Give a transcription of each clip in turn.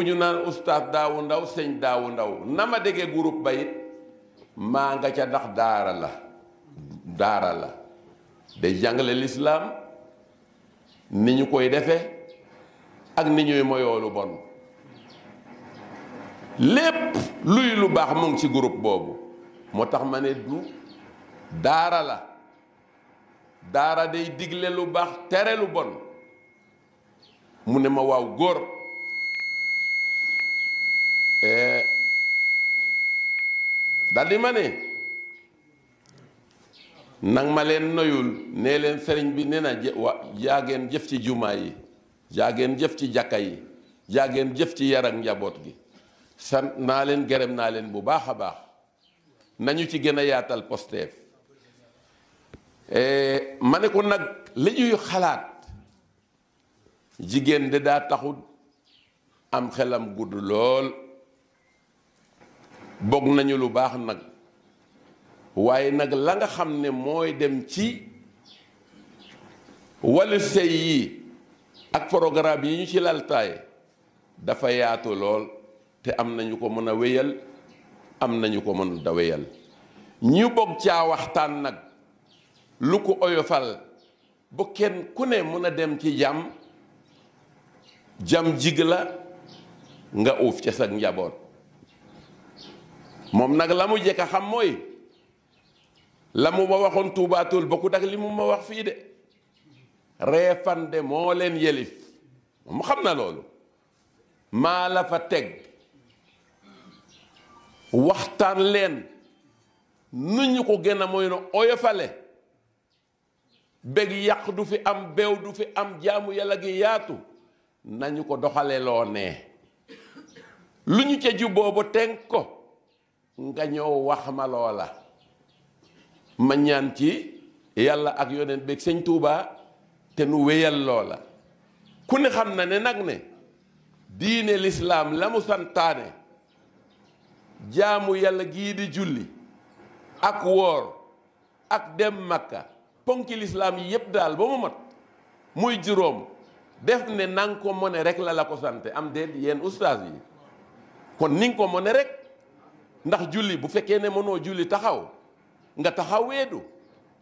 bu ñu naan oustaz daawu ndaw sëñ daawu ndaw na ma déggee groupe ba it maa nga ca ndax daara la daara la day jàngale lislaam ni ñu koy defee ak ni ñuy moyoo lu bon lépp luy lu baax mu ci groupe boobu moo tax ma ne du daara la daara day digle lu baax tere lu bon mu ne ma waaw góor Eh, daldi ma ne nang ma leen noyul ne leen sëriñ bi nee na wa jaageen jëf ci jumaa yi jaageen jëf ci jàkka yi jaageen jëf ci yaram njaboot gi sant naa leen gërëm naa leen bu baax a baax nañu ci gën a yaatal posteef eh, ma ne ko nag li ñuy xalaat jigéen de daa taxut am xelam gudd lool bokk nañu lu baax nag waaye nag la nga xam ne mooy dem ci wàllu sëy yi ak programme yi ñu ci laltaay dafa yaatu lool te am nañu ko mën a wéyal am nañu ko mën da wéyal ñu bokk caa waxtaan nag lu ko oyofal bu kenn ku ne mën a dem ci jàmm jàmm jig la nga uuf ca sag njaboot moom nag la mu jekk a xam mooy la mu ma waxoon tuubaatul bokkut ak li mu ma wax fii de reefande moo leen yelif moom xam na loolu maa la fa teg waxtaan leen nu ñu ko gën a mooy no oyofale bég yàq du fi am beew du fi am jaamu yàlla gi yaatu nañu ko doxale loo lu ñu ca juboo tenk ko nga ñëw wax ma loola ma ñaan ci yàlla ak yonent beeg sëñ Touba te nu wéyal loola ku ne xam na ne nag ne diine lislaam la mu santaane jaamu yàlla gii di julli ak woor ak dem makka ponki lislaam yi yépp daal ba mu mat muy juróom def ne nan ko mone rek la la ko sante am déet yéen ustaas yi kon ni ko mone rek ndax julli bu fekkee ne mënoo julli taxaw nga taxaw weedu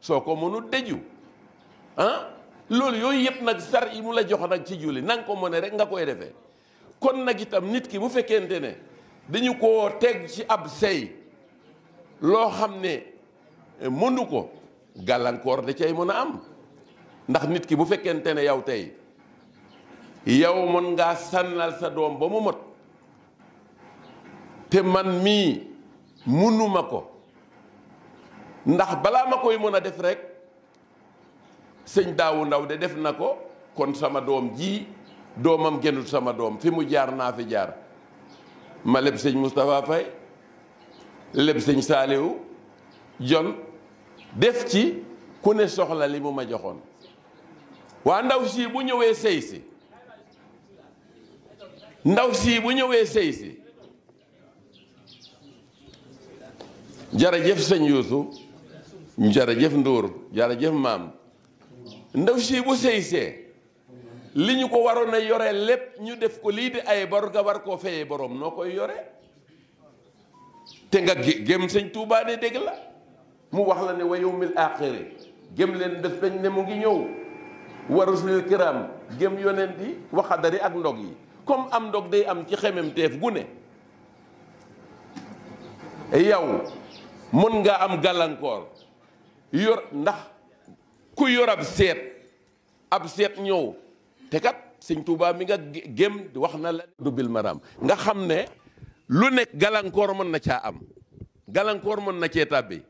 soo ko mënul deju ah loolu yooyu yëpp nag sar yi mu la jox nag ci julli nanga nga ko mënee rek nga koy defe kon nag itam nit ki bu fekkente ne dañu koo teg ci ab sey loo xam ne eh, mënu ko gàllankoor da cay mën a am ndax nit ki bu fekkente ne yow tey yow mën ngaa sànnal sa doom ba mu mot te man mii munuma ko ndax balaa ma koy mën a def rekk sëñ daawu ndaw de def na ko kon sama doom ji doomam gënul sama doom fi mu jaar naa fi jaar ma leb sëñ Moustapha Faye leb sëñ Saaliwu jon def ci ku ne soxla li mu ma joxoon waa ndaw sii bu ñëwee sëy si ndaw sii bu ñëwee sëy si jërëjëf sëñ Yuusu jërëjëf Ndour jërëjëf maam ndaw si bu sëy see li ñu ko waroon a yore lépp ñu def ko lii di ay bor nga war koo fayee boroom noo koy yore te nga gém sëñ Tuubaa ne dégg la mu wax la ne wa mil aaxiri gém leen def dañ ne mu ngi ñëw warusul kiram gém yonent yi waxadari ak ndog yi comme am ndog day am ci xemem teef gu ne yow mën nga am gàllankoor yor ndax ku yor ab seet ab seet ñëw te kat sëñ Tuubaa mi nga gém wax na la du bil maram nga xam ne lu nekk gàllankoor mën na caa am gàllankoor mën na cee tàbbi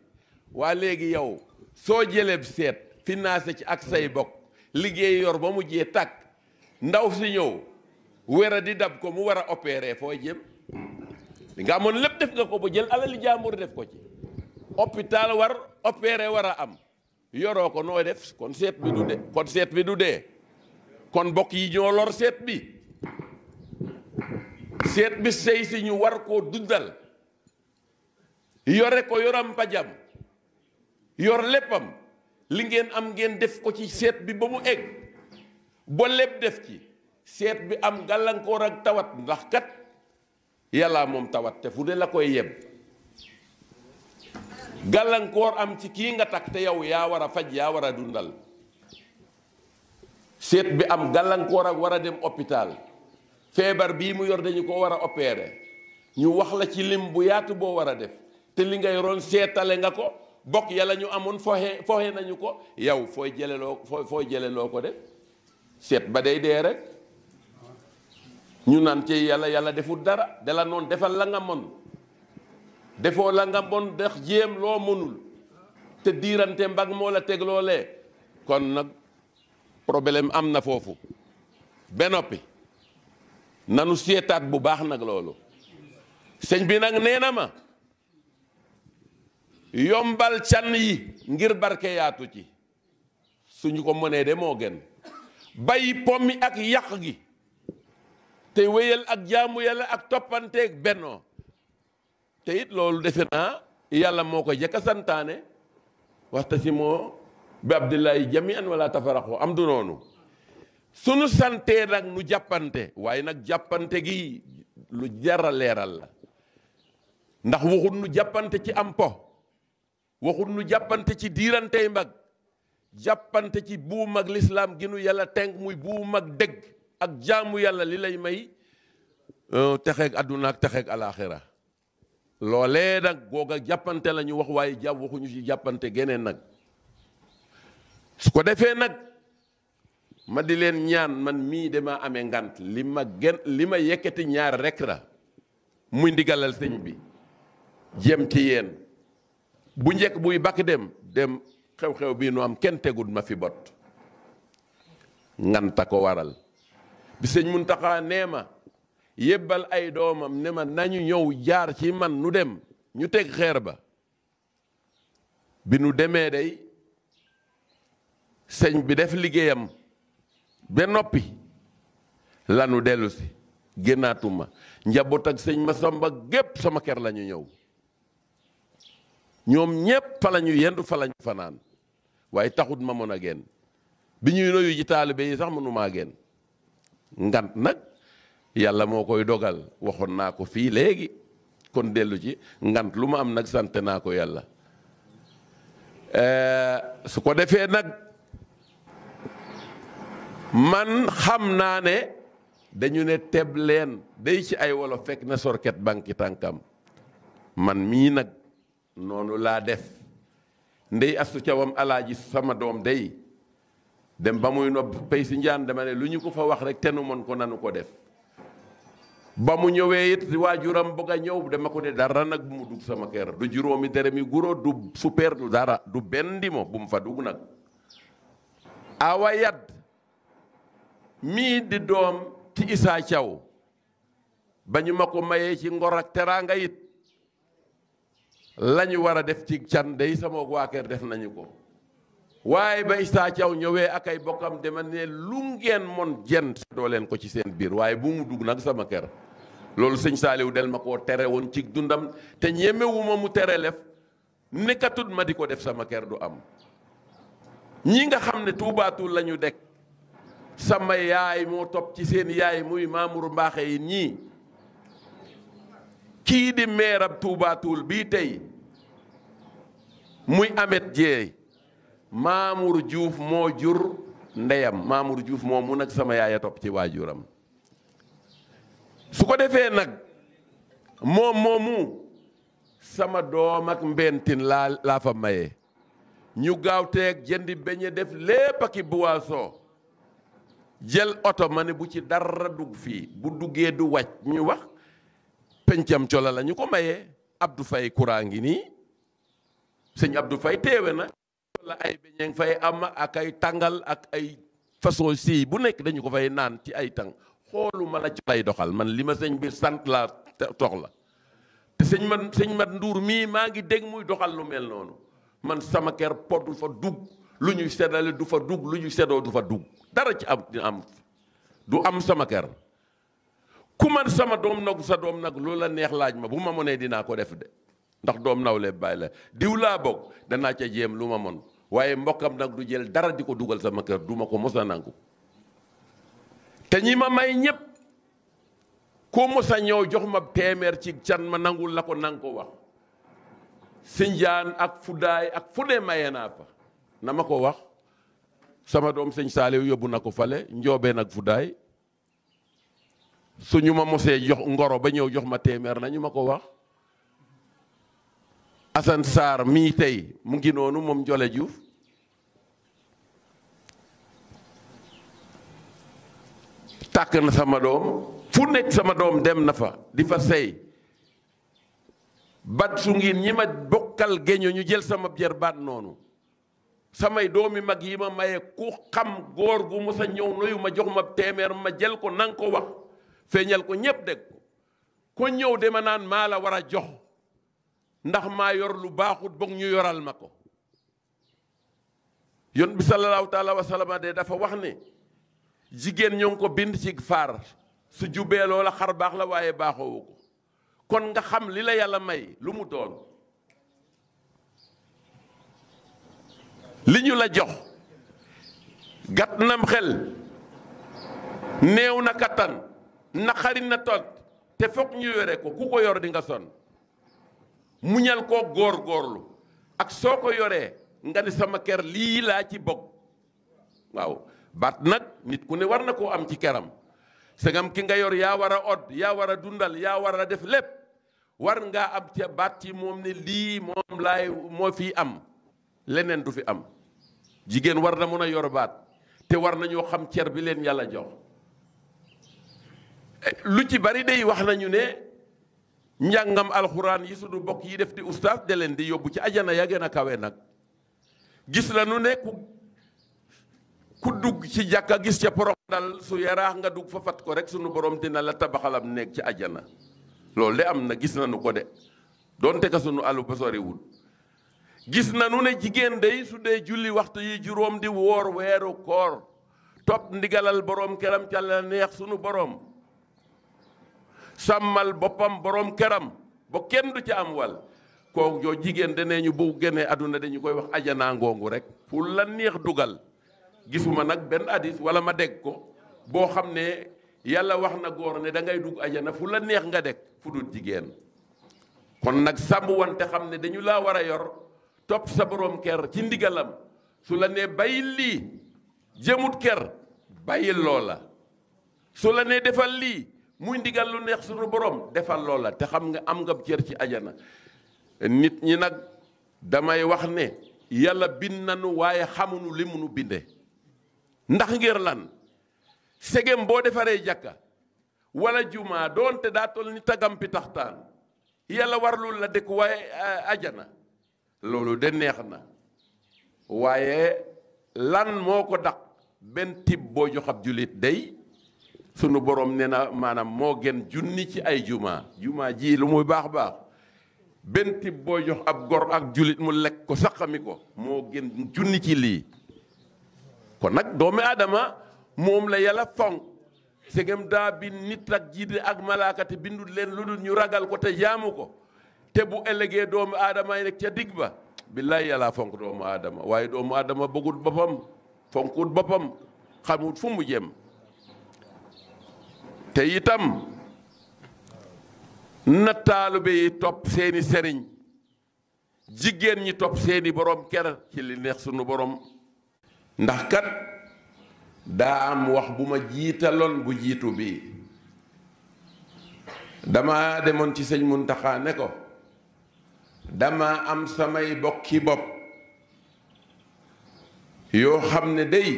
waa léegi yow soo jëleeb seet financé ci ak say bokk liggéey yor ba mu jee tàkk ndaw si ñëw wéra di dab ko mu war a opérer foo jëm li nga amoon lépp def nga ko ba jël alali jàmbur def ko ci hôpital war opéré war a am yoroo ko nooy def kon seet bi du dee kon seet bi du dee kon bokk yi ñoo lor seet bi seet bi sëy si ñu war koo dundal yore ko yoram pajam yor léppam li ngeen am ngeen def ko ci seet bi ba mu egg ba lépp def ci seet bi am gàllankoor ak tawat ndax kat yàlla moom tawat te fu de la koy yeb gàllankoor am ci kii nga takk te yow yaa war a faj yaa war a dundal seet bi am gàllankoor ak war a dem hôpital feebar bii mu yor dañu ko war a opérer ñu wax la ci lim bu yaatu boo war a def te li ngay ron seetale nga ko bokk yàlla ñu amoon foxe foxe nañu ko yow fooy jëleloo foo fooy jëleloo ko def seet ba day dee rek ñu naan ci yàlla yàlla deful dara dala noon defal la nga mën defoo la nga bon dex jéem loo mënul te diirante mbag moo la teg loolee kon nag problème am na foofu ba noppi nanu seetaat bu baax nag loolu sëñ bi nag nee na ma yombal can yi ngir barke yaatu ci suñu ko mënee de moo gën bàyyi pommi ak yàq gi te wéyal ak jaamu yàlla ak toppanteek bennoo te it loolu defe naa yàlla moo ko jëkk a santaane wa'tasimu bi hablillahi jami'an wala tafarraqu am du noonu sunu santee nag nu jàppante waaye nag jàppante gi lu jara leeral la ndax waxut nu jàppante ci am po waxut nu jàppante ci diirantey mbag jàppante ci buum ak lislaam gi nu yàlla tenk muy buum ak dëgg ak jaamu yàlla li lay may euh, texeeg àdduna ak texeeg alaaxira loolee nag goog a jàppante lañu wax waaye jàpp waxuñu ci jàppante geneen nag su ko defee nag ma di leen ñaan man mii damaa ame ngant li ma gen li ma yekkati ñaar rekk la muy ndigalal sëñ bi jëm ci yéen bu njëkk buy bakk dem dem xew-xew bii nu am kenn tegul ma fi bot nganta ko waral bi sëñ Muntaxa nee ma yébbal ay doomam ne ma nañu ñëw jaar ci man nu dem ñu teg xeer ba bi nu demee day sëñ bi def liggéeyam be noppi lanu dellusi si génnaatuma njaboot ak sëñ Masamba gépp sama kër la ñu ñëw ñoom ñépp fa la ñu yendu fa la fanaan waaye taxut ma mën a génn bi ñuy noyu ji taalibe yi sax mënumaa génn ngant nag yàlla moo koy dogal waxoon naa ko fii léegi kon dellu ci ngant lu ma am nag sant naa ko yàlla eh, su ko defee nag man xam naa ne dañu ne teb leen day ci ay wolof fekk na sorket banki tànkam man mii nag noonu laa def ndey astu cawam alaaji sama doom day dem ba muy nopp pay si njaan dama lu ñu ko fa wax rek te nu mon ko nanu ko def ba mu ñëwee it waajuram bëgg a ñëw dama ko ne dara nag bu mu dugg sama ker du juróomi dërëm mi guro du super du dara du benn ndimo bu mu fa dugg nag awa yad mii di doom ci Issa Thiaw ba ñu ma ko mayee ci ngor ak teraanga it la ñu war a def ci can dey sama waa kër def nañu ko waaye ba Issa Thiaw ñëwee ak ay bokkam dema ne lu ngeen mon jent doo leen ko ci seen biir waaye bu mu dugg nag sama ker loolu sëñ Saaliw del ma koo tere woon ci dundam te ñemewuma mu tere lef nekkatut ma di ko def sama ker du am ñi nga xam ne tuubaatul lañu ñu dekk sama yaay moo topp ci seen yaay muy Mamour Mbaaxe yi ñii kii di meerab tuubaatul bii tey muy Amet Jeey Mamour juuf moo jur ndeyam juuf moo mën nag sama yaay a topp ci waajuram su ko defee nag moom moomu sama doom ak mbentin laa laa fa maye ñu gaaw teeg jëndi beñe def lépp ak i boisson jël oto ma ne bu ci dara dugg fii bu duggee du wàcc ñu wax pencam cola la ñu ko mayee Abdou fay courant ngi nii sëñ Abdou Faye teewe na la ay beñeng fay am ak ay tàngal ak ay façon si bu nekk dañu ko fay naan ci ay tàng xoolu ma la ci lay doxal man li ma sëñ bi sant laa toxla la sëñ man sëñ mat nduur mii maa ngi dégg muy doxal lu mel noonu man sama ker pot du fa dugg lu ñuy seddale du fa dugg lu ñuy seddoo du fa dugg dara ci ab di am du am sama ker ku man sama doom nag sa doom nag lu la neex laaj ma bu ma mënee dinaa ko def de ndax doom nawle bàyyi la diw laa bokk danaa ca jéem lu ma mën waaye mbokkam nag du jël dara di ko dugal sama kër du ma ko mos nangu te ñi ma may ñëpp ku mos a ñëw jox ma téeméer ci can ma nangul la ko nang ko wax Sinjaan ak fuddaay ak fu ne maye naa fa na ma ko wax sama doom sëñ Saaliw yóbbu na ko fale njoobeen ak Fudaay su ñu ma mosee jox ngoro ba ñëw jox ma téeméer na ñu ma ko wax Asan Saar mii tey mu ngi noonu moom njole Juuf tàkk na sama doom fu nekk sama doom dem na fa di fa sey bat su ngi ñi ma bokkal géño ñu jël sama jarbaat noonu samay doomi mag yi ma maye ku xam góor gu mës a ñëw ma jox ma téeméer ma jël ko nang ko wax feeñal ko ñépp dégg ko ko ñëw dema naan maa la war a jox ndax maa yor lu baaxut boog ñu yoral ma ko yon bi sallallahu wa sallam de dafa wax ne jigéen ñoo ko bind ci faar su jubee loola xar baax la waaye baaxoowu ko kon nga xam li la yàlla may lu mu doon li ñu la jox gàtt nam xel néew na kattan naqari na tot te foog ñu yore ko ku ko yor di nga sonn muñal koo góor góorlu ak soo ko yoree nga ni sama kër lii laa ci bokk waaw baat nag nit ku ne war na koo am ci keram segam ki nga yor yaa war a yaa war a dundal yaa war a def lépp war nga am ca baat ci moom ne lii moom laay moo fii am leneen du fi am jigéen war na mën a yor baat te war nañoo xam cer bi leen yàlla jox lu ci bari dey wax nañu ne njàngam alxuraan yi sunu bokk yi def di ustaas de leen di yóbbu ci ajana yaa gën a kawe nag gis nañu ne ku ku dugg ci jàkka gis ca porox dal su yaraax nga dugg fa fat ko rek sunu borom dina la tabaxalam nekk ci àjjana loolu de am na gis nañu ko de donte ka sunu alu ba soriwul gis nañu ne jigéen day su dee julli waxtu yi juróom di woor weeru koor topp ndigalal borom këram ca la neex sunu borom sàmmal boppam borom këram ba kenn du ca am wal kooku joo jigéen de nee ñu bu génnee àdduna dañu koy wax àjjana ngoongu rek fu la neex dugal. gisuma nag benn hadis wala ma degg ko boo xam ne yàlla wax na góor ne dangay ngay dugg ajana fu la neex nga dégg fu dul jigéen kon nag sàmm wante xam ne dañu laa war a yor topp sa boroom ker ci ndigalam su la nee bàyyil lii jëmut ker bàyyil loola su la nee defal lii muy ndigal lu neex suñu borom defal loola te xam nga am nga cër ci ajana nit ñi nag damay wax ne yàlla bind nanu waaye xamunu li munu binde ndax ngir lan segem boo defaree jàkka wala jumaa doonte daa toll ni tagam pi taxtaan yàlla warlul la dëkk waaye eh, ajana loolu de neex na waaye lan moo ko daq benn tib boo jox ab jullit day sunu borom ne na maanaam moo gën junni ci ay jumaa jumaa ji lu muy baax baax benn tib boo jox ab gor ak julit mu lekk ko saxami ko moo gën junni ci lii kon nag doomi aadama moom la yàlla fonk segem daa bi nit ak jiit ak malaaka te bindul leen lu dul ñu ragal ko te yaamu ko te bu ëllëgee doomu aadama yi rek ca digg ba billaay yàlla fonk doomu aadama waaye doomu aadama bëggul boppam fonkut boppam xamut fu mu jëm te itam na taalibe yi topp seeni sëriñ jigéen ñi topp seeni borom ker ci neex sunu borom ndax kat daa am wax bu ma jiitaloon bu jiitu bii dama demoon ci sëñ Muntaxa ne ko dama am samay bokki bopp yoo xam ne day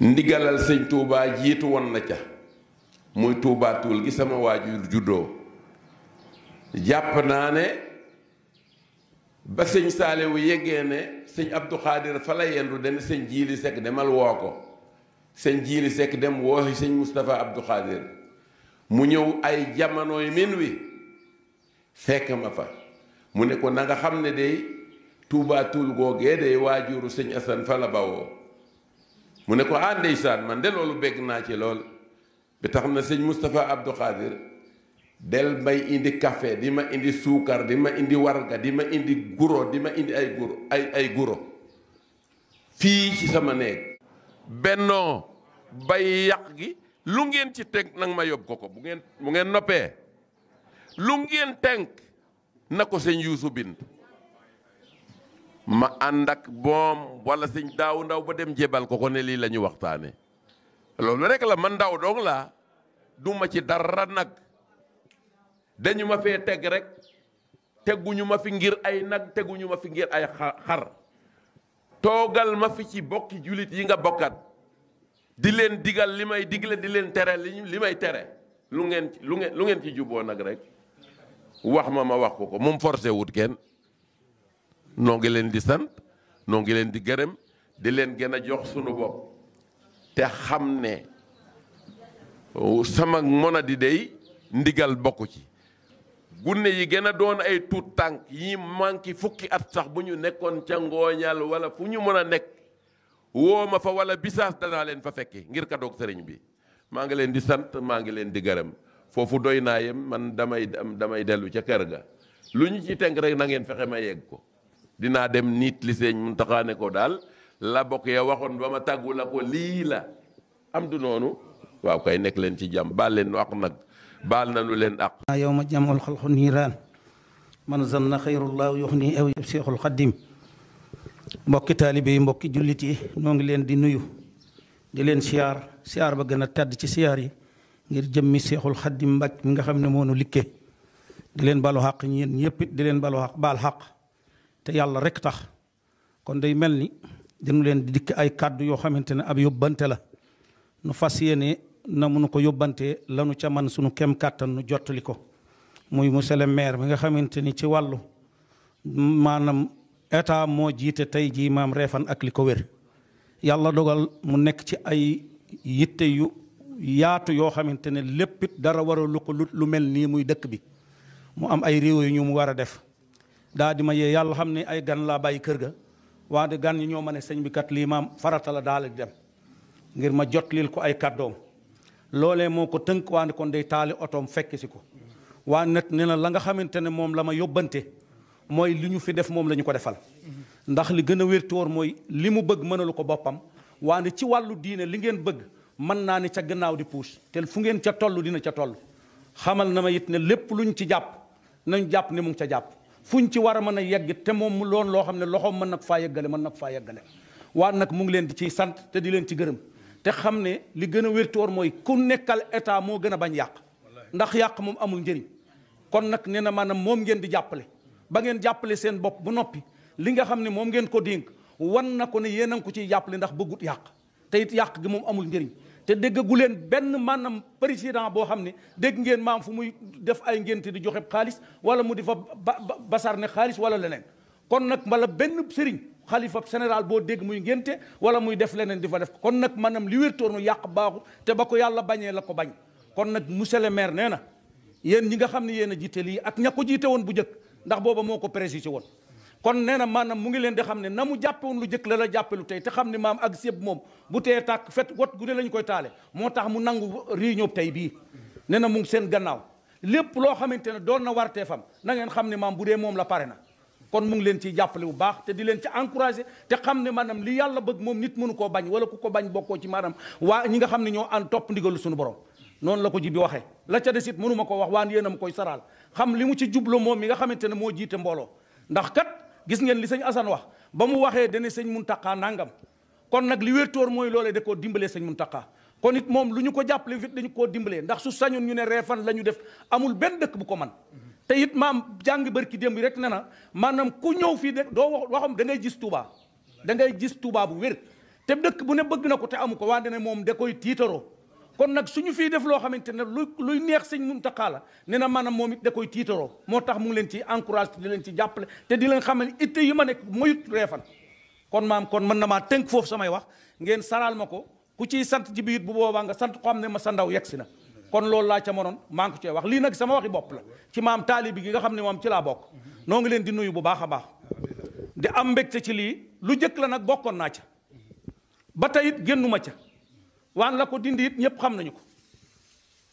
ndigalal sëñ Tuubaa jiitu won na ca muy Tuubaa tuul gi sama waajur juddoo jàpp naa ne ba sëñ wu yeggee ne sëñ Abdou Khadir fa la yendu dana sëñ Jiili Sekk demal woo ko sëñ Jiili Sekk dem woo sëñ Moustapha Abdou Khadir mu ñëw ay jamonoy min wi fekk ma fa mu ne ko nanga xam ne day tuubaatul tuul googee day waajuru sëñ Asan fa la bawoo mu ne ko ah ndeysaan man de loolu bégg naa ci lool bi tax na sëñ Moustapha Abdou Khadir del mbay indi café di ma indi suukar di ma indi warga di ma indi guro di ma indi ay guro ay ay fii ci sama néeg bennoo bay yàq gi lu ngeen ci tënk nag ma yóbbu ko ko bu ngeen bu ngeen noppee lu ngeen tënk na ko sëñ Yuusu bind ma ànd ak moom wala sëñ daaw ndaw ba dem jebal ko ko ne lii la ñu waxtaane loolu rek la man ndaw dong laa duma ci dara nag dañu ma fee teg rek teguñu ma fi ngir ay nag teguñu ma fi ngir ay xar toogal ma fi ci bokki jullit yi nga bokkat di leen digal li may digle di leen tere li may tere lu ngeen lu ngeen ci juboo nag rek wax ma ma wax ko ko moom forcé wut kenn noo ngi leen di sant noo ngi leen di gërëm di leen gën a jox sunu bopp te xam ne sama mën a di dey ndigal bokku ci gunne yi gën a doon ay tuut tànk yi manki fukki at sax bu ñu nekkoon ca ngooñal wala fu ñu mën a nekk woo ma fa wala bisaas danaa leen fa fekki ngir kadoog sëriñ bi maa ngi leen di sant maa ngi leen di gërëm foofu doy naa yem man damay damay dellu ca kër ga lu ñu ci tënk rek na ngeen fexe ma yegg ko dinaa dem niit li sëñ Muntaxa ne ko daal la bokk ya waxoon ba ma tàggu la ko lii la am du noonu waaw kay nekk leen ci jàmm baal leen wax nag baal nañu leen àq. yow ma xal xalqu niiraan man zanna xayrullah yox nii aw seexul xaddim mbokki taalibe yi mbokki jullit yi noo ngi leen di nuyu di leen siyaar siyaar ba gën a tàdd ci siyaar yi ngir jëm mi seexul xaddim mbàcc mi nga xam ne moonu likke di leen balu xaq ñeen ñëpp di leen balu xaq baal xaq te yàlla rek tax kon day mel ni dañu leen di dikk ay kàddu yoo xamante ne ab yóbbante la nu fas yéene na munu ko yóbbante lanu ca man sunu kem kàttan nu jottali ko muy monsieur le maire bi nga xamante ni ci wàllu maanaam état moo jiite tey jii maam reefan ak li ko wér yàlla dogal mu nekk ci ay yitte yu yaatu yoo xamante ne lépp it dara waralu ko lu mel nii muy dëkk bi mu am ay réew yu ñu mu war a def daa di ma yee yàlla xam ne ay gan laa bàyyi kër ga waa de gan yi ñoo ma ne sëñ bi kat lii maam farata la daal di dem ngir ma jotlil ko ay kàddoom loolee moo ko tënk ne kon day taali otoom fekk si ko waa net ne na la nga xamante ne moom la ma yóbbante mooy li ñu fi def moom lañu ko defal ndax li gën a wértóor mooy li mu bëgg mënalu ko boppam waane ci wàllu diine li ngeen bëgg mën naa ne ca gannaaw di puus te fu ngeen ca toll dina ca toll xamal na ma it ne lépp lu ñu ci jàpp nañ jàpp ne mu ngi ca jàpp fuñ ci war a mën a yegg te moom mu loon loo xam ne loxoom mën nag faa yeggale mën nag faa yeggale waa nag mu ngi leen di ciy sant te di leen ci gërëm te xam ne li gën a wértoor mooy ku nekkal état moo gën a bañ yàq ndax yàq moom amul njëriñ kon nag nee na maanaam moom ngeen di jàppale ba ngeen jàppale seen bopp bu noppi li nga xam ne moom ngeen ko dénk wan na ko ne yéen a ko ciy jàppale ndax bëggut yàq te it yàq gi moom amul njëriñ te déggagu leen benn maanaam président boo xam ne dégg ngeen maam fu muy def ay ngénte di joxe xaalis wala mu di fa ba basar ne xaalis wala leneen kon nag bala benn sëriñ xalifa général boo dégg muy ngénte wala muy def leneen di fa def kon nag maanaam li wértoonu yàq baaxut te ba ko yàlla bañee la ko bañ kon nag monsieur le maire nee na yéen ñi nga xam ne yéen a jiite lii ak ña ko woon bu jëkk ndax booba moo ko présidé woon kon nee na maanaam mu ngi leen di xam ne na mu jàppe woon lu jëkk la la jàppe lu tey te xam ne maam ak sëb moom bu teyee tàkk fet wat gudde la koy taale moo tax mu nangu réunion tey bii nee na mu ngi seen gannaaw lépp loo xamante ne doon na wartee fam na ngeen xam ne maam bu dee moom la pare na kon mu ngi leen ciy jàppale bu baax te di leen ci encouragé te xam ne maanaam li yàlla bëgg moom nit mënu koo bañ wala ku ko bañ bokkoo ci maanaam waa ñi nga xam ne ñoo ànd topp ndigalu suñu borom noonu la ko ji bi waxee la ca des it mënu ko wax waan yéen a ma koy saraal xam li mu ci jublu moom mi nga xamante ne moo jiite mbooloo ndax kat gis ngeen li sëñ Assane wax ba mu waxee dane sëñ Muntaqa nangam kon nag li wértóor mooy loolee da koo dimbalee sëñ Muntaqa kon it moom lu ñu ko jàppale fit dañu koo dimbalee ndax su sañoon ñu ne reefan la ñu def amul benn dëkk bu ko man te it maam jàng barki démb rek ne na maanaam ku ñëw fii de doo wax waxam da ngay gis Touba da ngay gis Touba bu wér te dëkk bu ne bëgg na ko te amu ko waa ne moom da tiitaroo kon nag suñu fii def loo xamante ne luy luy neex sëñ Muntaxa la ne na maanaam moom it da koy tiitaroo moo tax mu leen ci encourage di leen ci jàppale te di leen xamal itte yi ma nekk moyut reefan kon maam kon mën na maa tënk foofu samay wax ngeen saral ma ko ku ciy sant ci biir bu boobaa nga sant ko am ne ma sa ndaw yegg si na kon loolu laa ca moroon maa ngi cee wax lii nag sama waxi bopp la ci maam taalibi gi nga xam ne moom ci laa bokk noo ngi leen di nuyu bu baax baax di am mbégte ci lii lu jëkk la nag bokkoon naa ca ba teyit génnuma ca waan nga ko dindi it ñëpp xam nañu ko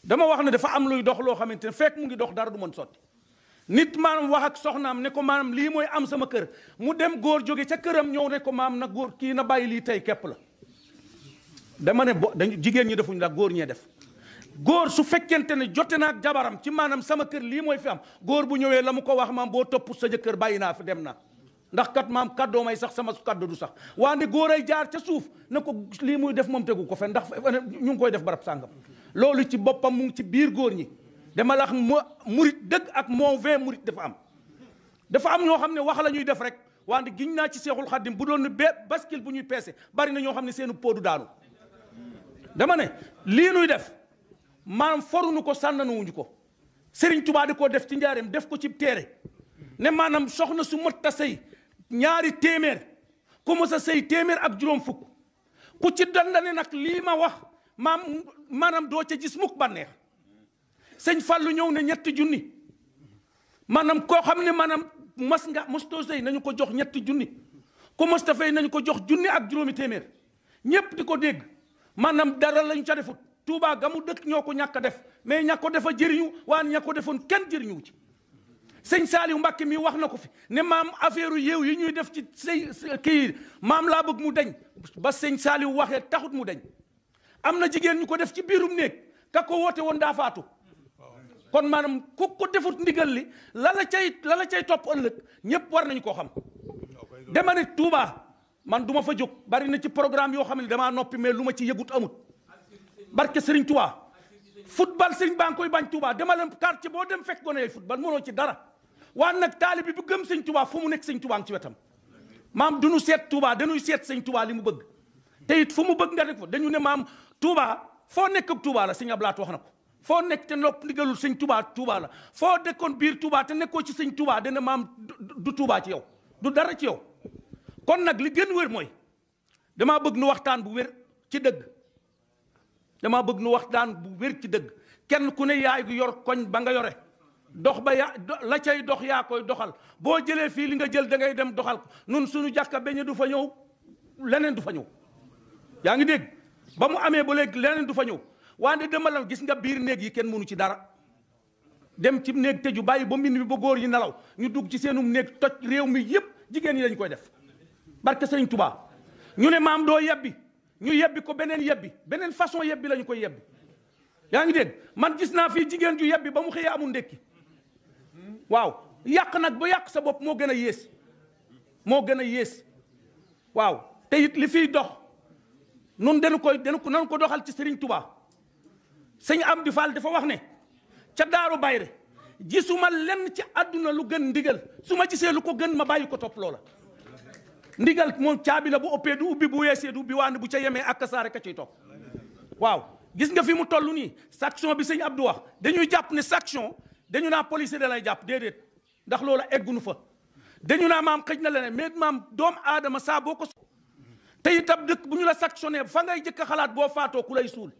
dama wax ne dafa am luy dox loo xamante ne fekk mu ngi dox dara du mën sotti nit maanaam wax ak soxnaam ne ko maanaam lii mooy am sama kër mu dem góor jóge ca këram ñëw ne ko maam na góor kii na bàyyi lii tey képp la dama ne bo dañu ñi defuñu la góor ñee def góor su fekkente ne jote naa ak jabaram ci maanaam sama kër lii mooy fi am góor bu ñëwee la mu ko wax maam boo topp sa jëkkër bàyyi naa fi dem na ndax kat maam kaddoo may sax sama kaddu du sax waande góor ay jaar ca suuf ne ko lii muy def moom tegu ko fen ndax ñu ngi koy def barab sàngam loolu ci boppam mu ngi ci biir góor ñi dama lax murit dëgg ak mauvais murit dafa am dafa am ñoo xam ne wax la ñuy def rek waande giñ naa ci seexul xaddim bu doon bee bascule bu ñuy peese bari na ñoo xam ne seenu poodu daanu dama ne lii nuy def maam foruñu ko sànnanuwuñu ko Serigne Touba di ko def ci njaareem def ko cib téere ne maanaam soxna su mot ta ñaari téeméer ku mos a sëy téeméer ak juróom fukk ku ci dandane nag lii ma wax maam maanaam doo ca gis mukk bànneex sëñ Fallou ñëw ne ñetti junni maanaam koo xam ne maanaam mas nga mostoo sëy nañu ko jox ñetti junni ku mos ta nañu ko jox junni ak juróomi téeméer ñépp di ko dégg maanaam dara lañu ca defut Touba ga mu dëkk ñoo ko ñàkk a def mais ña ko dafa jëriñu waa ña ko defoon kenn jëriñu ci sëñ Saaliw Mbàkke mii wax na ko fi ne maam affaire yéew yi ñuy def ci say kii maam laa bëgg mu deñ ba sëñ Saaliw waxee taxut mu deñ am na jigéen ñu ko def ci biirum néeg ka ko woote woon daa faatu kon maanaam ku ko defut ndigal li la la cay la la cay topp ëllëg ñëpp war nañu koo xam dama ne Touba man du ma fa jóg bari na ci programme yoo xam ne damaa noppi mais lu ma ci yëgut amut barke Serigne Touba football Serigne baa ngi koy bañ Touba dama leen quartier boo dem fekk gone yooyu football mënoo ci dara waan nag taalibe bi bu gëm Serigne Touba fu mu nekk Serigne Touba ngi ci wetam maam du nu seet Touba dañuy seet Serigne Touba li mu bëgg te it fu mu bëgg nga def ko dañu ne maam Touba foo nekk ak Touba la ab Ablaat wax na ko foo nekk te nopp ndigalul Serigne Touba Touba la foo dekkoon biir tubaa te nekkoo ci Serigne Touba dana maam du Touba ci yow du dara ci yow kon nag li gën wér mooy damaa bëgg nu waxtaan bu wér ci dëgg. dama bëgg nu waxtaan bu wér ci dëgg kenn ku ne yaay gu yor koñ ba nga yore dox ba yaa la cay dox yaa koy doxal boo jëlee fii li nga jël dangay dem doxal ko nun suñu jàkka beñe du fa ñëw leneen du fa ñëw yaa ngi dégg ba mu amee ba léegi leneen du fa ñëw wante dama la gis nga biir néeg yi kenn mënu ci dara dem ci néeg tëju bàyyi ba mbind bi ba góor yi nelaw ñu dugg ci seenum néeg toj réew mi yëpp jigéen ñi dañ koy def barke sëriñ Tuubaa ñu ne maam doo yebbi ñu yebbi ko beneen yebbi beneen façon yebbi la ñu koy yebbi yaa ngi dégg man gis naa fii jigéen ju yebbi ba mu xëyee amul ndékki waaw yàq nag bu yàq sa bopp moo gën a yées moo gën a yées waaw te it li fiy dox nun dañu koy dañu ko nañu ko doxal ci Serigne Touba sëñ Amdi Fall dafa wax ne ca Daaru Bayre gisuma lenn ci àdduna lu gën ndigal su ma gisee lu ko gën ma bàyyi ko topp loola. ndigal moom caabi la bu ëppee du ubbi bu weesee du ubbi waane bu ca yemee ak kasaare ka ciy topp waaw gis nga fi mu toll nii sanction bi sëñ Abdou wax dañuy jàpp ne sanction dañu naa policier da lay jàpp déedéet ndax loolu eggunu fa dañu naa maam xëj na leneen mais maam doomu aadama saa boo ko te itam dëkk bu ñu la sanctionné fa ngay jëkk a xalaat boo faatoo ku lay suul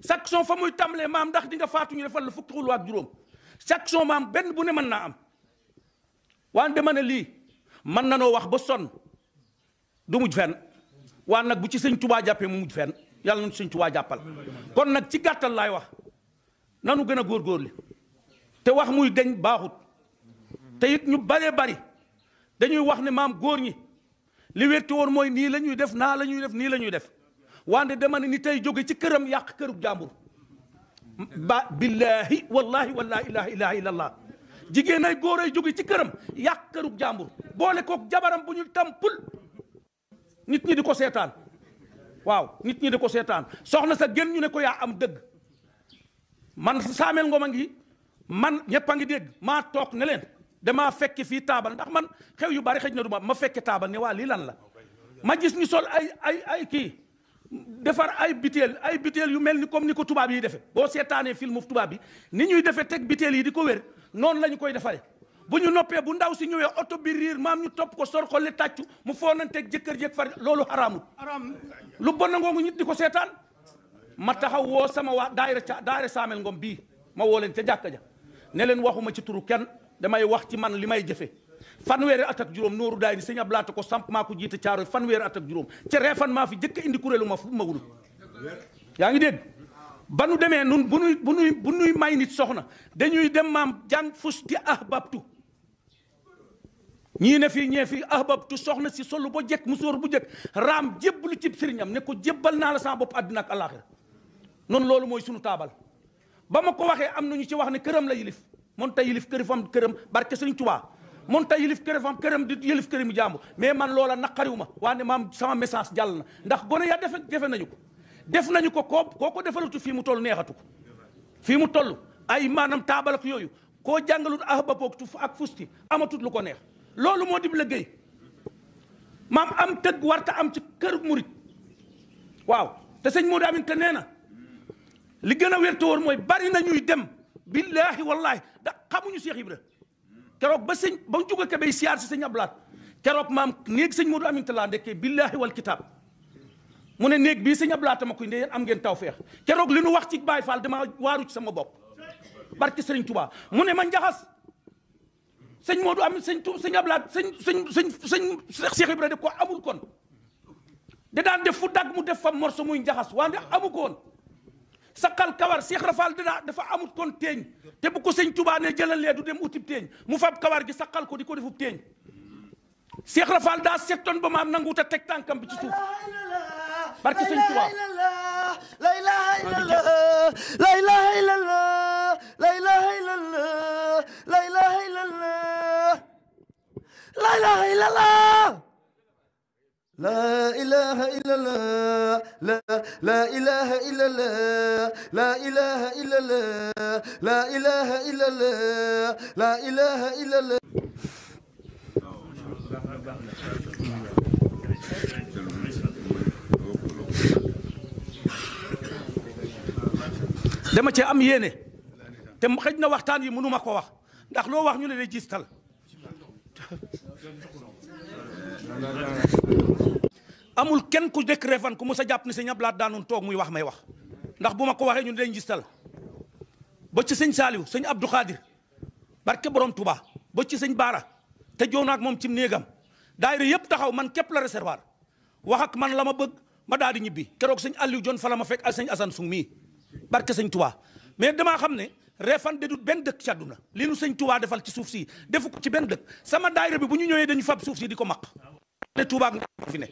sanction fa muy tàmbalee maam ndax di nga faatu ñu defal la fukki xul ak juróom sanction maam benn bu ne mën naa am wante dama ne lii mën nanoo wax ba sonn du mujj fenn waaye nag bu ci sëñ tubaa jàppee mu mujj fen yàlla nañu sëñ tubaa jàppal kon nag ci gàttal laay wax nanu gën a góor góorgóorlu te wax muy deñ baaxut te it ñu baree bari dañuy wax ne maam góor ñi li wétti woon mooy nii la ñuy def naa la ñuy def nii la ñuy def wante dama ne ni tey jóge ci këram yàq këru jàmbur ba billaahi wallaahi wallaahi ilaaha ilaaha illallah jigéen ay góor ay jóge ci këram yàq këru jàmbur boole kook jabaram bu ñu tampul nit ñi di ko seetaan waaw nit ñi di ko seetaan soxna sa gën ñu ne ko yaa am dëgg man saamel ngoma ngi man ñëpp a ngi dégg maa toog ne leen damaa fekki fii taabal ndax man xew yu bari xëj na du ma ma fekke taabal ne waa lii lan la ma gis ñu sol ay ay ay kii defar ay biteel ay biteel yu mel ni comme ni ko tubaab yi defe boo seetaanee filmu tubaab bi ni ñuy defe teg biteel yi di ko wér noonu lañu koy defaree bu ñu noppee bu ndaw si ñëwee oto bi riir maam ñu topp ko sor ko li tàccu mu foonanteeg jëkkër jëkk far loolu xaraamut lu bon ngoongu nit di ko seetaan ma taxaw woo sama waa daayira ca daayira saamel ngom bii ma woo leen ca jàkka ja ne leen waxuma ci turu kenn damay wax ci man li may jëfe fanweeri at juróom nooru daay ni sëñ ab ko samp maa ko jiite caaro fanweeri at juróom ca reefan maa fi jëkk indi kuréelu ma fu ma wul yaa ngi dégg ba nu demee nun bu nuy bu nuy bu nuy may nit soxna dañuy dem maam jàng fus di ahbabtu ñii ne fii ñee fii ahbabtu soxna si solu ba jëkk musóor bu jëkk raam jébbalu cib sëriñam ne ko jébbal naa la sama bopp àddina ak àllaaxira noonu loolu mooy sunu taabal ba ma ko waxee am nañu ci wax ne këram la yilif moon tey yilif kërifam këram barke sëriñ Tuubaa moon tey yilif kërifam këram di yilif mu jàmbu mais man loola naqariwu ma waa ne maam sama message jàll na ndax gone ya defe defe nañu ko def nañu ko ko koo ko defalatu fii mu toll neexatu ko fii mu toll ay maanaam taabal yooyu koo jàngalul ahbabtu ak fusti amatut lu ko neex loolu moo dib liggéey maam am tëgg warta am ci kër murit waaw te sëñ Modou Aminta nee na li gën a wér te wóor mooy bari na ñuy dem billaahi wallaahi da xamuñu Cheikh Ibra keroog ba sëñ ba jóg ke bay siyaar si sëñ Ablaat keroog maam néeg sëñ Modou Aminta laa ndekkee billaahi wal kitaab mu ne néeg bi sëñ Ablaat ma koy ndee yéen am ngeen tawfeex keroog li nu wax ci Baay Faal dama waaru ci sama bopp barki sëriñ Touba mu ne ma njaxas sëñ Modou am sëñ tu sëñ Ablaat sëñ sëñ sëñ sëñ Cheikh Ibrahima def ko amul kon da daan def fu dagg mu def fa morso muy njaxas waaye ndax amu ko woon saqal kawar Cheikh Rafal da dafa amut kon teeñ te bu ko sëñ Touba ne jëlalee du dem utib teeñ mu fab kawar gi saqal ko di ko defub teeñ Cheikh Rafal daa settoon ba maam nanguut a teg tànkam bi ci suuf barke sëñ Touba. la ilaha illallah la ilaha illallah laa ilaha illallah laa ilaha illallah am yéene te na waxtaan yi mënuma ko wax ndax loo wax ñu ne amul kenn ku dëkk Réfane ku mës sa jàpp ni sëñ Ablaat daanoon toog muy wax may wax ndax bu ma ko waxee ñun dañ gis tal ba ci sëñ Saaliw sëñ Abdou Khadir barke borom tubaa ba ci sëñ Baara te joo naag moom cim néegam daayira yëpp taxaw man képp la réservoir wax ak man la ma bëgg ma daal di ñibbi keroog sëñ Aliou joon fala ma fekk ak sëñ Assane Soum mii barke sëñ Touba mais damaa xam ne Refane de dut benn dëkk ci àdduna li nu sëñ Touba defal ci suuf si defu ko ci benn dëkk sama daayira bi bu ñu ñëwee dañu fab suuf si di ko maq ne Touba ak ne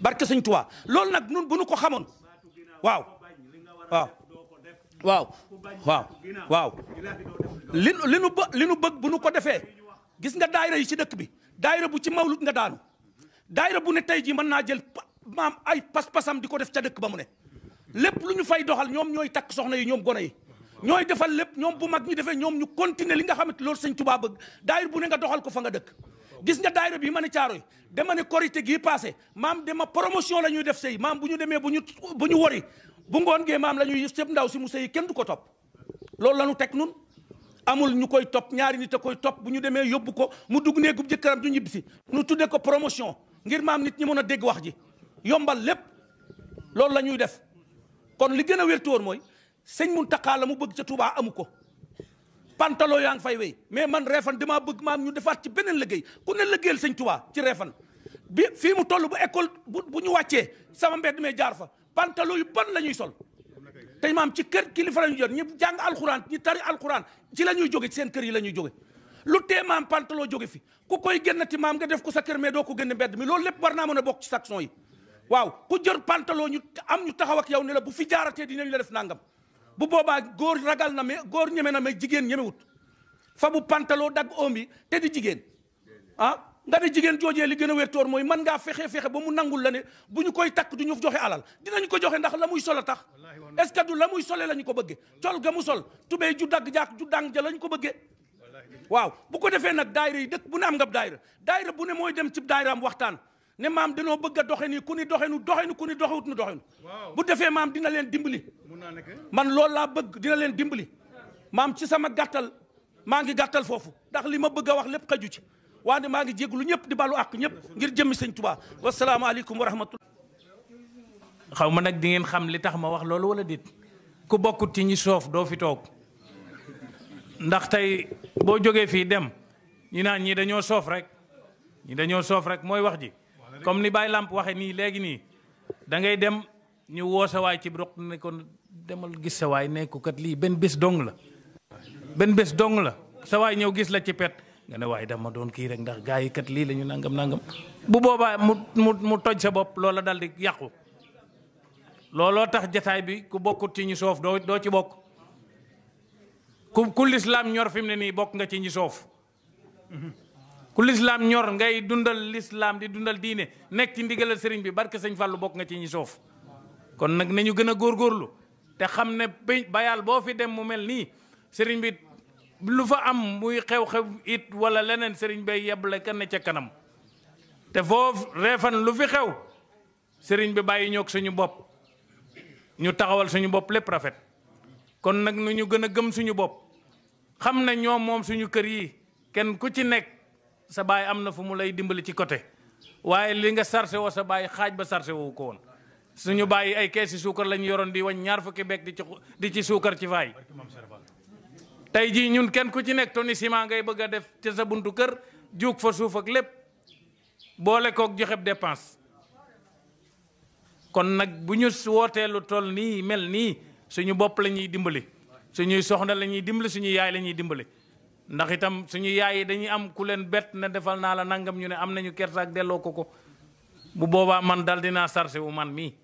barke sëñ Touba loolu nag nun bu nu ko xamoon waaw waaw waaw waaw waaw li li nu li nu bëgg bu nu ko defee gis nga daayira yi ci dëkk bi daayira bu ci mawlut nga daanu daayira bu ne tey jii mën naa jël maam ay pas-pasam di ko def ca dëkk ba mu ne lépp lu ñu fay doxal ñoom ñooy takk soxna yi ñoom gone yi ñooy defal lépp ñoom bu mag ñi defee ñoom ñu continuer li nga xamante loolu sëñ Tuubaa bëgg daayir bu ne nga doxal ko fa nga dëkk gis nga daayira bi ma ne caaroy dama ne korité gii passé maam dama promotion la ñuy def sëy maam bu ñu demee bu ñu bu ñu wari bu ngoon gee maam la ñuy sëb ndaw si mu sëy kenn du ko topp loolu la ñu teg nun amul ñu koy topp ñaari nit a koy topp bu ñu demee yóbbu ko mu dugg néegub jëkkëram du ñibbisi ñu tuddee ko promotion ngir maam nit ñi mën a dégg wax ji yombal lépp loolu la ñuy def kon li gën a wértu woon mooy sëñ Muntaxa la mu bëgg ca Touba amu ko pantalon yaa ngi fay wey mais man reefan damaa bëgg maam ñu defaat ci beneen liggéey ku ne liggéeyal sëñ Touba ci reefan fii mu toll bu école bu bu ñu wàccee sama mbedd mee jaar fa pantalon yu ban la ñuy sol tey maam ci kër kilifa la ñuy jàng alxuraan ñi tari alxuraan ci la ñuy jóge ci seen kër yi la ñuy jóge lu tee maam pantalon jóge fi ku koy génnati maam nga def ko sa kër mais doo ko génne mbedd mi loolu lépp war naa mën a bokk ci sanctions yi waaw ku jër pantalon ñu am ñu taxaw ak yow ne la bu fi jaaratee dinañu la def nangam bu boobaa góor ragal na me góor ñeme na mais jigéen ñemewut fa bu pantaloo dagg oom bi te di jigéen ah nga ne jigéen joojee li gën a wér toor mooy man ngaa fexe fexe ba mu nangul la ne bu ñu koy takk du ñu joxe alal dinañ ko joxe ndax la muy sol tax est-ce que du la muy sole la ñu ko bëgge col ga mu sol tubéy ju dagg jaak ju dàng ja lañu ko bëggee waaw bu ko defee nag daayira yi dëkk bu ne am nga daayira daayira bu ne mooy dem ci daayiraam waxtaan ne maam danoo bëgg a doxe nii ku ni doxe nu doxe nu ku ni doxewut nu doxe nu bu defee maam dina leen dimbali man loolu laa bëgg dina leen dimbali maam ci sama gàttal maa ngi gàttal foofu ndax li ma bëgg a wax lépp xaju ci waane maa ngi jéglu ñëpp di balu àq ñëpp ngir jëmmi sëñ Tuubaa wasalaamaaleykum wa rahmatullah xaw ma nag di ngeen xam li tax ma wax loolu wala déet ku bokkut ci ñi soof doo fi toog ndax tey boo jógee fii dem ñu naan ñii dañoo soof rek ñi dañoo soof rek mooy wax ji comme ni Baye Lamp waxe nii léegi nii dangay dem ñu woo sa waay ci roq ne ko demal gis sa waay ne lii benn bés dong la benn bés dong la sa waay ñëw gis la ci pet nga ne waaye dama doon kii rek ndax gaa yi lii lañu ñu nangam nangam bu boobaa mu mu mu toj sa bopp loola dal di yàqu looloo tax jataay bi ku bokkut ci ñu soof doo doo ci bokk ku ku lislaam ñor fi mu ne nii bokk nga ci ñu soof ku lislaam ñor ngay dundal lislaam di dundal diine nekk ci ndigalal sëriñ bi barke sañ Fallou bokk nga ci ñi soof kon nag nañu gën a góorlu te xam ne bayal boo fi dem mu mel nii sëriñ bi lu fa am muy xew-xew it wala leneen sëriñ bay yeble kan ne ca kanam te foofu reefan lu fi xew sëriñ bi bàyyi ñoog suñu bopp ñu taxawal suñu bopp lépp rafet kon nag nu ñu gën a gëm suñu bopp xam ne ñoom moom suñu kër yi kenn ku ci nekk sa baay am na fu mu lay dimbali ci côté waaye li nga sarse woo sa baay xaaj ba sarse wu ko woon suñu bàyyi ay keesi suukar lañu yoroon di wañ ñaar fukki beeg di ci di ci suukar ci faay tey jii ñun kenn ku ci nekk toni ciment ngay bëgg a def ca sa buntu kër juug fa suuf ak lépp boole kook joxeb dépense kon nag bu ñu wootee lu toll nii mel nii suñu bopp la ñuy dimbali suñuy soxna lañuy ñuy dimbali suñu yaay la ñuy dimbali ndax itam suñu yaay yi dañuy am ku leen bett na defal naa la nangam ñu ne am nañu kersaak delloo ko ko bu boobaa man dal dinaa sarse wu man mii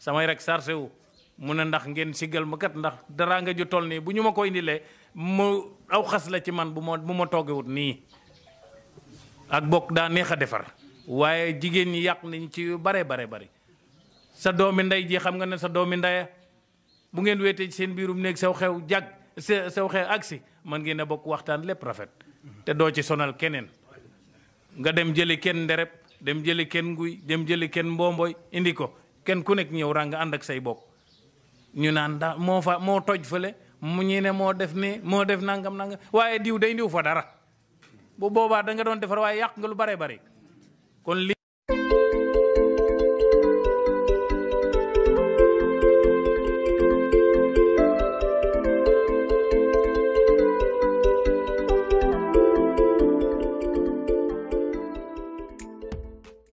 samay rek sarse wu mu ne ndax ngeen siggal ma kat ndax daraa nga ju toll nii bu ñu ma koy indilee mu aw xas la ci man bu ma bu ma toogewut nii ak bokk daa neex a defar waaye jigéen ñi yàq nañ ci yu bare bare bari sa doomi ndey ji xam nga ne sa doomi ndeya bu ngeen weetee ci seen biirum néeg saw xew jag saw xew agsi man ngeen a bokk waxtaan lépp rafet te doo ci sonal keneen nga dem jëli kenn ndereb dem jëli kenn nguy dem jëli kenn mboomboy indi ko kenn ku nekk ñëw raa nga ànd ak say bokk ñu naan da moo fa moo toj fële mu ñu moo def ni moo def nangam nangam waaye diw day ndiw fa dara boo boobaa da nga doon defar waaye yàq nga lu bare bare kon